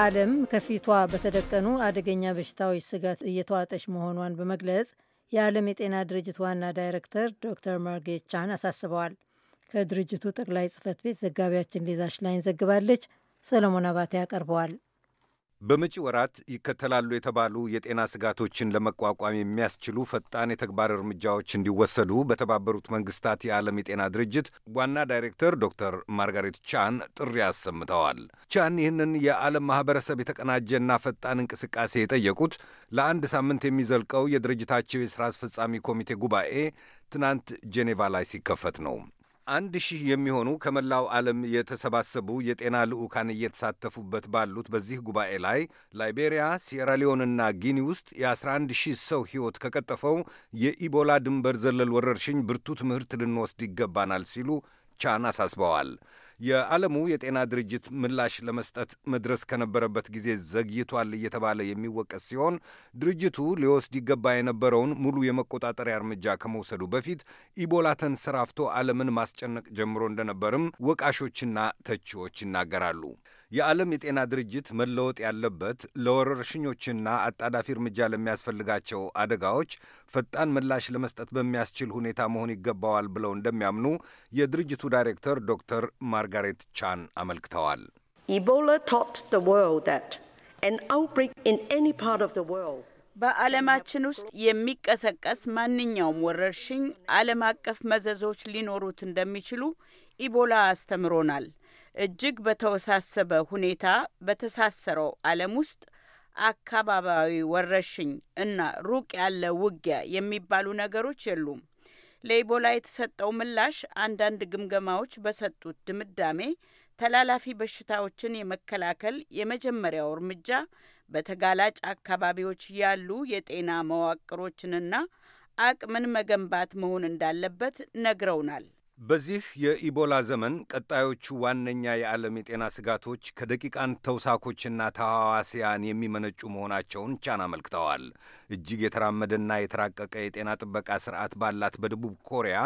ዓለም ከፊቷ በተደቀኑ አደገኛ በሽታዎች ስጋት እየተዋጠች መሆኗን በመግለጽ የዓለም የጤና ድርጅት ዋና ዳይሬክተር ዶክተር ማርጌት ቻን አሳስበዋል። ከድርጅቱ ጠቅላይ ጽህፈት ቤት ዘጋቢያችን ሊዛሽ ላይን ዘግባለች። ሰለሞን አባቴ ያቀርበዋል። በመጪ ወራት ይከተላሉ የተባሉ የጤና ስጋቶችን ለመቋቋም የሚያስችሉ ፈጣን የተግባር እርምጃዎች እንዲወሰዱ በተባበሩት መንግስታት የዓለም የጤና ድርጅት ዋና ዳይሬክተር ዶክተር ማርጋሬት ቻን ጥሪ አሰምተዋል። ቻን ይህንን የዓለም ማህበረሰብ የተቀናጀና ፈጣን እንቅስቃሴ የጠየቁት ለአንድ ሳምንት የሚዘልቀው የድርጅታቸው የሥራ አስፈጻሚ ኮሚቴ ጉባኤ ትናንት ጄኔቫ ላይ ሲከፈት ነው። አንድ ሺህ የሚሆኑ ከመላው ዓለም የተሰባሰቡ የጤና ልዑካን እየተሳተፉበት ባሉት በዚህ ጉባኤ ላይ ላይቤሪያ፣ ሲራሊዮንና ጊኒ ውስጥ የ11 ሺህ ሰው ሕይወት ከቀጠፈው የኢቦላ ድንበር ዘለል ወረርሽኝ ብርቱ ትምህርት ልንወስድ ይገባናል ሲሉ ቻን አሳስበዋል። የዓለሙ የጤና ድርጅት ምላሽ ለመስጠት መድረስ ከነበረበት ጊዜ ዘግይቷል እየተባለ የሚወቀስ ሲሆን ድርጅቱ ሊወስድ ይገባ የነበረውን ሙሉ የመቆጣጠሪያ እርምጃ ከመውሰዱ በፊት ኢቦላ ተንሰራፍቶ ዓለምን ማስጨነቅ ጀምሮ እንደነበርም ወቃሾችና ተቺዎች ይናገራሉ። የዓለም የጤና ድርጅት መለወጥ ያለበት ለወረርሽኞችና አጣዳፊ እርምጃ ለሚያስፈልጋቸው አደጋዎች ፈጣን ምላሽ ለመስጠት በሚያስችል ሁኔታ መሆን ይገባዋል ብለው እንደሚያምኑ የድርጅቱ ዳይሬክተር ዶክተር ማር ማርጋሬት ቻን አመልክተዋል። ኢቦላ ታውት ዘ ወርልድ በዓለማችን ውስጥ የሚቀሰቀስ ማንኛውም ወረርሽኝ ዓለም አቀፍ መዘዞች ሊኖሩት እንደሚችሉ ኢቦላ አስተምሮናል። እጅግ በተወሳሰበ ሁኔታ በተሳሰረው ዓለም ውስጥ አካባቢያዊ ወረርሽኝ እና ሩቅ ያለ ውጊያ የሚባሉ ነገሮች የሉም። ለኢቦላ የተሰጠው ምላሽ አንዳንድ ግምገማዎች በሰጡት ድምዳሜ ተላላፊ በሽታዎችን የመከላከል የመጀመሪያው እርምጃ በተጋላጭ አካባቢዎች ያሉ የጤና መዋቅሮችንና አቅምን መገንባት መሆን እንዳለበት ነግረውናል። በዚህ የኢቦላ ዘመን ቀጣዮቹ ዋነኛ የዓለም የጤና ስጋቶች ከደቂቃን ተውሳኮችና ተሐዋስያን የሚመነጩ መሆናቸውን ቻን አመልክተዋል። እጅግ የተራመደና የተራቀቀ የጤና ጥበቃ ስርዓት ባላት በደቡብ ኮሪያ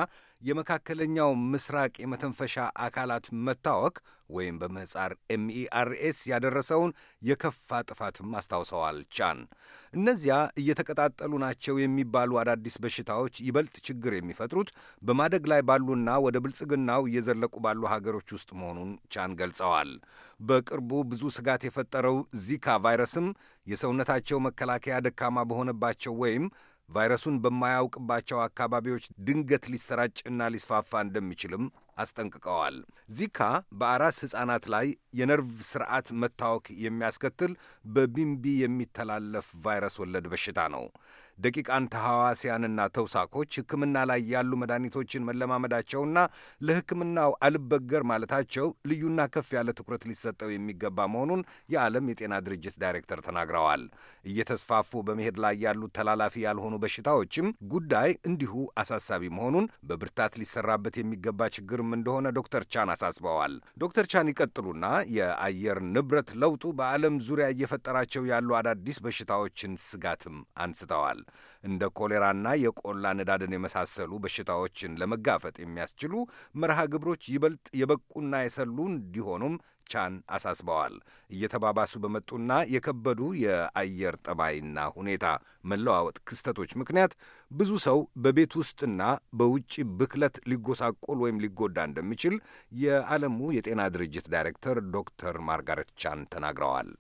የመካከለኛው ምስራቅ የመተንፈሻ አካላት መታወክ ወይም በምህፃር ኤምኢአርኤስ ያደረሰውን የከፋ ጥፋትም አስታውሰዋል። ቻን እነዚያ እየተቀጣጠሉ ናቸው የሚባሉ አዳዲስ በሽታዎች ይበልጥ ችግር የሚፈጥሩት በማደግ ላይ ባሉና ወደ ብልጽግናው እየዘለቁ ባሉ ሀገሮች ውስጥ መሆኑን ቻን ገልጸዋል። በቅርቡ ብዙ ስጋት የፈጠረው ዚካ ቫይረስም የሰውነታቸው መከላከያ ደካማ በሆነባቸው ወይም ቫይረሱን በማያውቅባቸው አካባቢዎች ድንገት ሊሰራጭና ሊስፋፋ እንደሚችልም አስጠንቅቀዋል። ዚካ በአራስ ሕፃናት ላይ የነርቭ ስርዓት መታወክ የሚያስከትል በቢምቢ የሚተላለፍ ቫይረስ ወለድ በሽታ ነው። ደቂቃን ተሐዋስያንና ተውሳኮች ሕክምና ላይ ያሉ መድኃኒቶችን መለማመዳቸውና ለሕክምናው አልበገር ማለታቸው ልዩና ከፍ ያለ ትኩረት ሊሰጠው የሚገባ መሆኑን የዓለም የጤና ድርጅት ዳይሬክተር ተናግረዋል። እየተስፋፉ በመሄድ ላይ ያሉት ተላላፊ ያልሆኑ በሽታዎችም ጉዳይ እንዲሁ አሳሳቢ መሆኑን በብርታት ሊሰራበት የሚገባ ችግር እየተገበሩም እንደሆነ ዶክተር ቻን አሳስበዋል። ዶክተር ቻን ይቀጥሉና የአየር ንብረት ለውጡ በዓለም ዙሪያ እየፈጠራቸው ያሉ አዳዲስ በሽታዎችን ስጋትም አንስተዋል። እንደ ኮሌራና የቆላ ንዳድን የመሳሰሉ በሽታዎችን ለመጋፈጥ የሚያስችሉ መርሃ ግብሮች ይበልጥ የበቁና የሰሉ እንዲሆኑም ቻን አሳስበዋል። እየተባባሱ በመጡና የከበዱ የአየር ጠባይና ሁኔታ መለዋወጥ ክስተቶች ምክንያት ብዙ ሰው በቤት ውስጥና በውጭ ብክለት ሊጎሳቆል ወይም ሊጎዳ እንደሚችል የዓለሙ የጤና ድርጅት ዳይሬክተር ዶክተር ማርጋሬት ቻን ተናግረዋል።